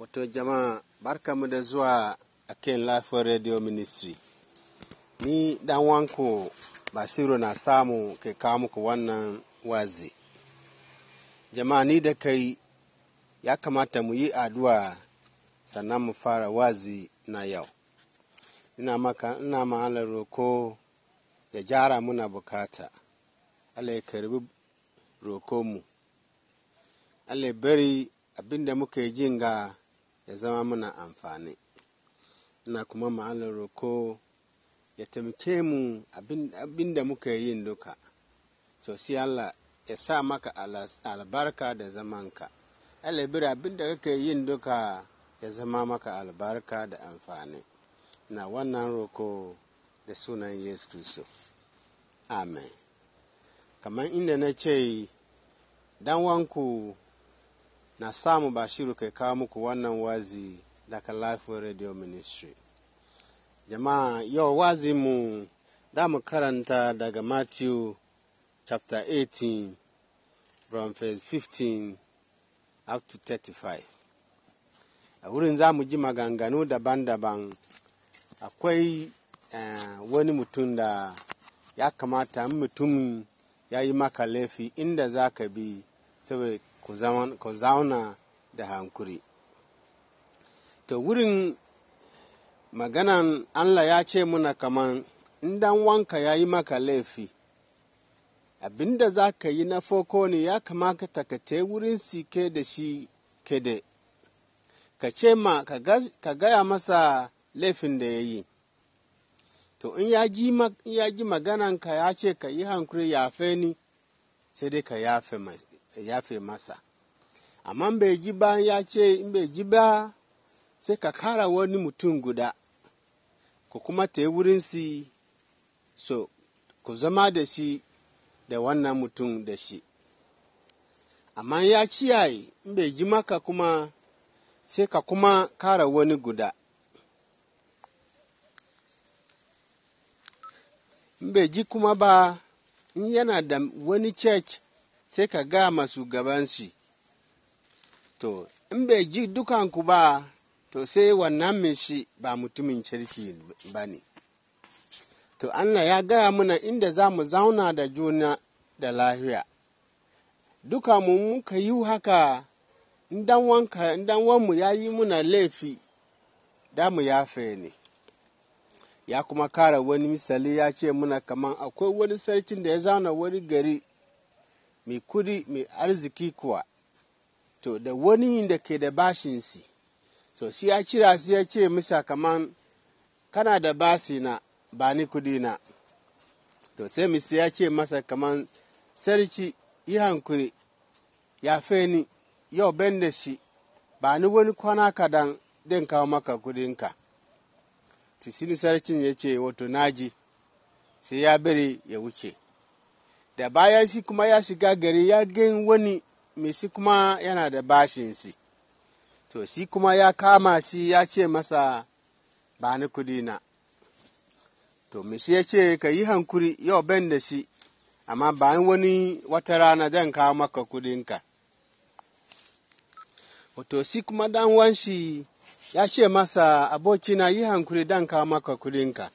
Wato jama'a barkamu da zuwa a kan Life Radio Ministry. Ni dan wanku Basiru na samu ke kawo muku wannan wazi. Jama'a ni da kai ya kamata mu yi addu'a sannan mu fara wazi na yau. Ina maka ina ma'alar roko ya jara muna bukata. Allah ya karbi roko mu. Allah bari abinda da muka yi jin ga ya zama muna amfani ina kuma ma'anar roko ya taimake mu abin da muka yi duka to sai Allah ya sa maka albarka da zamanka Allah bira abin da kake yin duka ya zama maka albarka da amfani na wannan roko da sunan Yesu Kristo amen kamar inda na ce dan wanku na samu bashiru kai kawo muku wannan wazi daga life radio ministry jama'a yau wazi mu da mu karanta daga matthew chapter 18 from verse 15 up to 35 a wurin za mu ji maganganu daban-daban akwai uh, wani mutum da ya kamata mutum ya yi maka laifi inda za ka bi saboda ku zauna da hankuri to wurin maganan allah ya ce muna kaman in wanka ya yi maka laifi abinda za ka yi na foko ne ya kamata ka te wurin sike da shi kede ka ce ma ka gaya masa laifin da ya yi to in ya ji magananka ya ce ka yi hankuri yafe ni sai dai ka yafe mai. yafe masa amma bai ji ba ya ce in bai ji ba sai ka kara wani mutum guda ku kuma ta yi si so ku zama da shi da wannan mutum da shi amma ya yayi in bai ji maka kuma sai ka kuma kara wani guda in bai ji kuma ba in yana da wani church sai ka ga masu gabansu to in bai ji dukanku ba to sai wannan mai shi ba mutumin cirki ba ne to allah ya gaya muna inda za mu zauna da juna da lahiya duka mu muka yi haka dan wanka ya yi muna laifi damu mu yafe ne ya kuma kara wani misali ya ce muna kamar akwai wani sarkin da ya zauna wani gari mai kudi mai arziki kuwa to da wani da ke da bashinsi to shi ya kira su ya ce misa kaman kana da basi na ba ni kudi na to sai misa ya ce masa kaman sarki yi hankuri ya ni yau ben da shi ba ni wani kwana kadan din kawo maka kudinka tisini sarkin ya ce wato naji sai ya bari ya wuce da baya shi kuma ya shiga gari ya gan wani mai shi kuma yana da bashin shi to shi kuma ya kama shi ya ce masa ba ni kudi na to mai shi ya ce ka yi hankuri yau ban da shi amma bayan wani wata rana zan kawo maka kudinka to shi kuma dan wanshi ya ce masa abokina yi hankuri dan kawo maka kudinka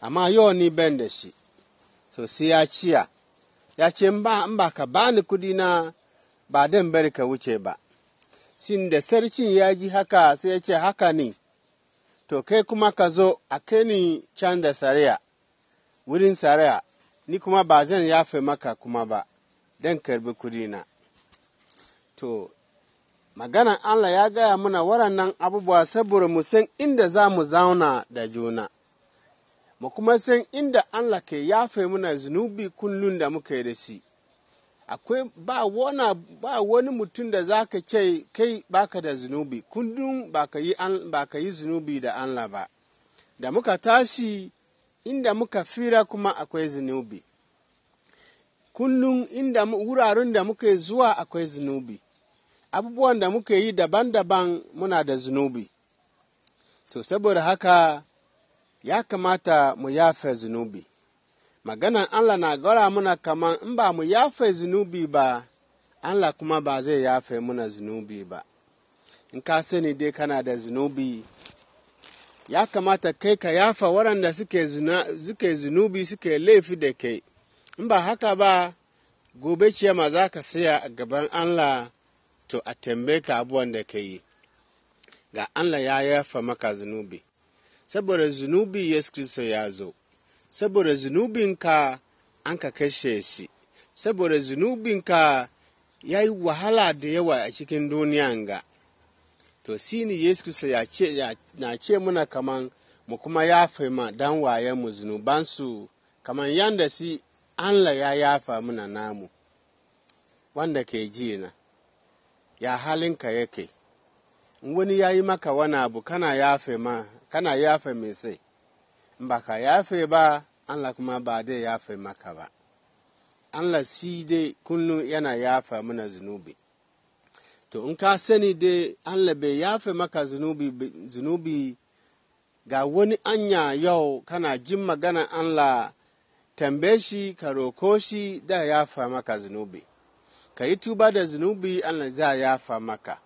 amma yau ni ban da shi so sai ya ciya ya ce ba in ba ka bani kuɗi na ba dan bari ka wuce ba sin da sarkin ya ji haka sai ya ce haka ne to kai kuma ka zo a kai ni can da saraya wurin saraya ni kuma ba zan yafe maka kuma ba dan karbi kudi na to maganan Allah ya gaya mana waɗannan abubuwa saboda mu san inda za mu zauna da juna mu kuma san inda Allah ke yafe muna zunubi kullum da muka yi da si. Akwai ba wani ba wani mutum da za ka ce kai baka da zunubi, kullum ba ka yi zunubi da Allah ba. Da muka tashi inda muka fira kuma akwai zunubi. Kullum inda wuraren da muka zuwa akwai zunubi. Abubuwan da muka yi daban-daban muna da zunubi. To, saboda haka ya kamata mu yafe zunubi. Maganan Allah na gora muna kaman in ba mu yafe zunubi ba, Allah kuma ba zai yafe muna zunubi ba. In ka sani dai kana da zunubi, ya kamata kai ka yafa waɗanda suke zunubi suke laifi da kai, in ba haka ba, gobe ciyama za ka saya a gaban Allah to a tambaye ka abuwan da ka yi, ga Allah ya yafa maka zunubi. saboda zunubi Yesu Kristo ya zo, saboda zunubinka an ka kashe shi, saboda zunubinka ya yi wahala da yawa a cikin duniyan ga. To, shi ne Yesu Kristo na ce muna kaman mu kuma yafe ma dan mu zunubansu, kaman yanda si Allah ya yafa muna namu, wanda ke ji na, ya halinka yake. wani ya yi maka wani abu kana yafe ma kana yafe mai sai ba ka yafe ba allah kuma ba dai yafe maka ba allah si dai kullum yana yafa mana zunubi to in ka sani dai allah bai yafe maka zunubi zunubi ga wani anya yau kana jin magana allah tambe shi ka roko shi da yafa maka zunubi ka yi tuba da zunubi allah za yafa maka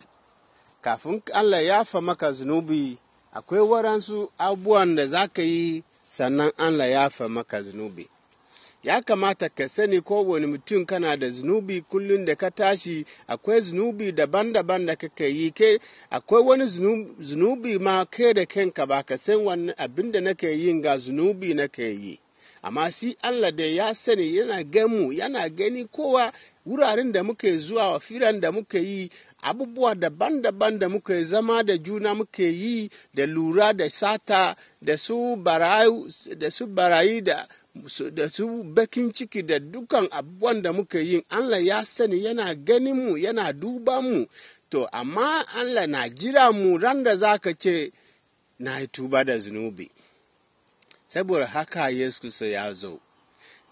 kafin allah yafa maka zunubi akwai waransu abubuwan da za ka yi sannan Allah ya fa maka zunubi. Ya kamata ka sani kowane mutum kana da zunubi kullum da ka tashi akwai zunubi daban-daban da ka yi ke akwai wani zunubi ma ke da kanka ba ka san wani abin da nake yin ga zunubi nake yi. amma si Allah da ya sani yana gamu yana gani kowa wuraren da muke zuwa wa firan da muke yi abubuwa daban-daban da muke zama da juna muke yi da lura da sata da su barayi da da su bakin ciki da dukan abubuwan da muke yin Allah ya sani yana ganin mu yana duba mu to amma Allah na jira mu ran da ka ce na yi tuba da zunubi saboda haka yesu kristo ya zo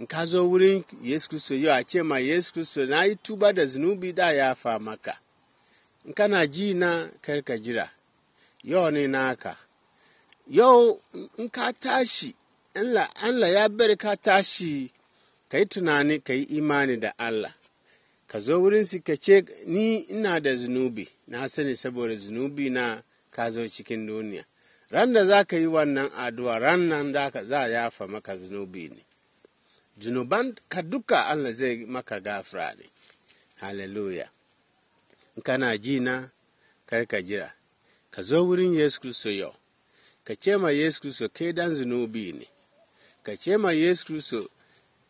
in ka zo wurin yesu kristo yau a ce ma yesu kristo na yi tuba da zunubi da ya fa maka in kana ji na karka jira yau ne naka yau in ka tashi allah ya bar ka tashi ka yi tunani ka yi imani da allah ka zo wurin su ka ce ni ina da zunubi na sani saboda zunubi na ka zo cikin duniya ran da za ka yi wannan addu'a ran nan da za a yafa maka zunubi ne zunuban ka duka allah zai maka gafara ne hallelujah in kana ji na kar ka jira ka zo wurin yesu kristo yau ka ce ma yesu kristo kai dan zunubi ne ka ce ma yesu kristo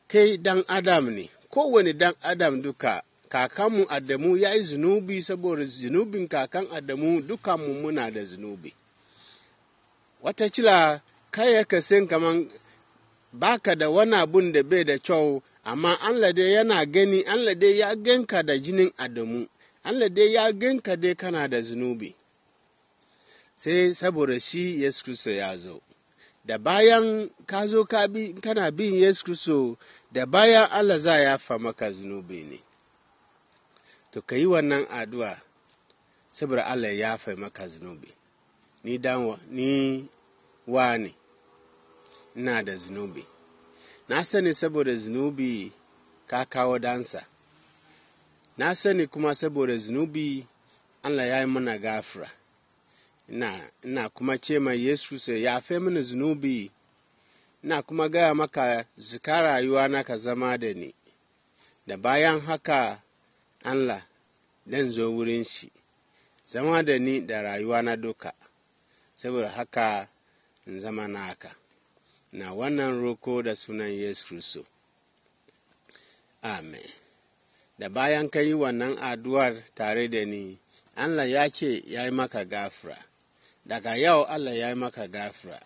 kai dan adam ne kowane dan adam duka kakanmu adamu ya yi zunubi saboda zunubin kakan adamu dukanmu muna da zunubi watakila kai ka san kaman baka da wani abun da bai da kyau amma Allah dai yana gani Allah dai ya ganka da jinin Adamu Allah dai ya ganka dai kana da zunubi sai saboda shi Yesu Kristo ya zo da bayan ka zo kana bin Yesu Kristo da bayan Allah za ya fa maka zunubi ne to ka yi wannan addu'a saboda Allah ya fa maka zunubi ni dan ni wane ina da zunubi na sani saboda zunubi ka kawo dansa na sani kuma saboda zunubi allah ya yi mana gafira ina, kuma ce mai yesu sai ya fe mini zunubi ina kuma gaya maka zika rayuwa na ka zama da ni da bayan haka allah dan zo wurin shi zama da ni da rayuwa na duka saboda haka in zama naka na wannan roko da sunan yesu kristo amen da bayan ka yi wannan aduwar tare da ni allah ya ce ya yi maka gafura daga yau allah ya yi maka gafura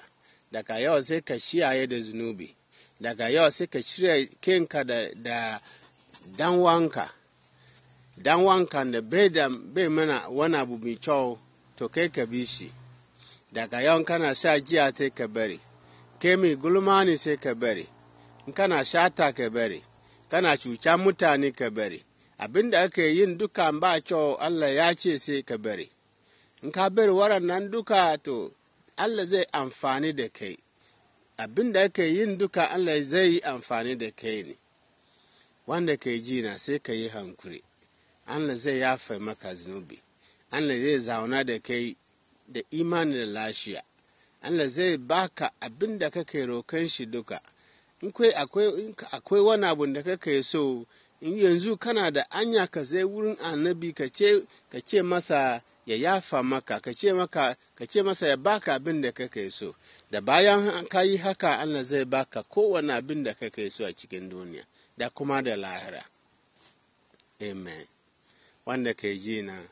daga yau sai ka shiyaye da zunubi daga yau sai ka cire kinka da, da danwanka danwanka da bai mana wani abu mai kyau to kai ka bi shi daga yau kana sha giya sai ka bari kemi gulma ne sai ka bari in kana shata ka bari kana cuta mutane ka bari abin da aka yin duka ba kyau Allah ya ce sai ka bari in ka bari waɗannan duka to Allah zai amfani da kai abin da aka yin duka Allah zai yi amfani da kai ne wanda ka ji na sai ka yi hankuri Allah zai yafe maka zunubi Allah zai zauna da kai da imani da lashiya Allah zai baka abin da kake rokan shi duka in kai akwai wani abu da kake so in yanzu kana da anya ka zai wurin annabi ka ce masa ya yafa maka ka ce masa ya baka abin da kake so da bayan ka yi haka Allah zai baka kowane abin da kake so a cikin duniya da kuma da lahira amen wanda ka ji na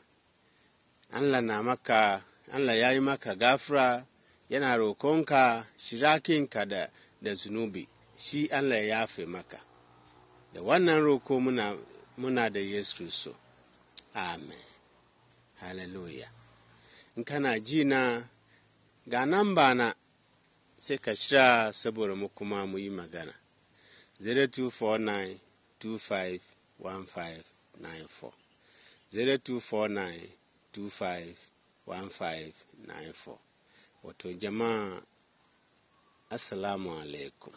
Allah na maka Allah ya yi maka gafura yana rokonka shirakinka da, da zunubi shi Allah ya fi maka da wannan roko muna, muna da Yesu Kristo amen hallelujah in kana ji na ga nan ba na sai ka shira saboda mu kuma mu yi magana 0249 0249 1594 wato jama'a assalamu alaikum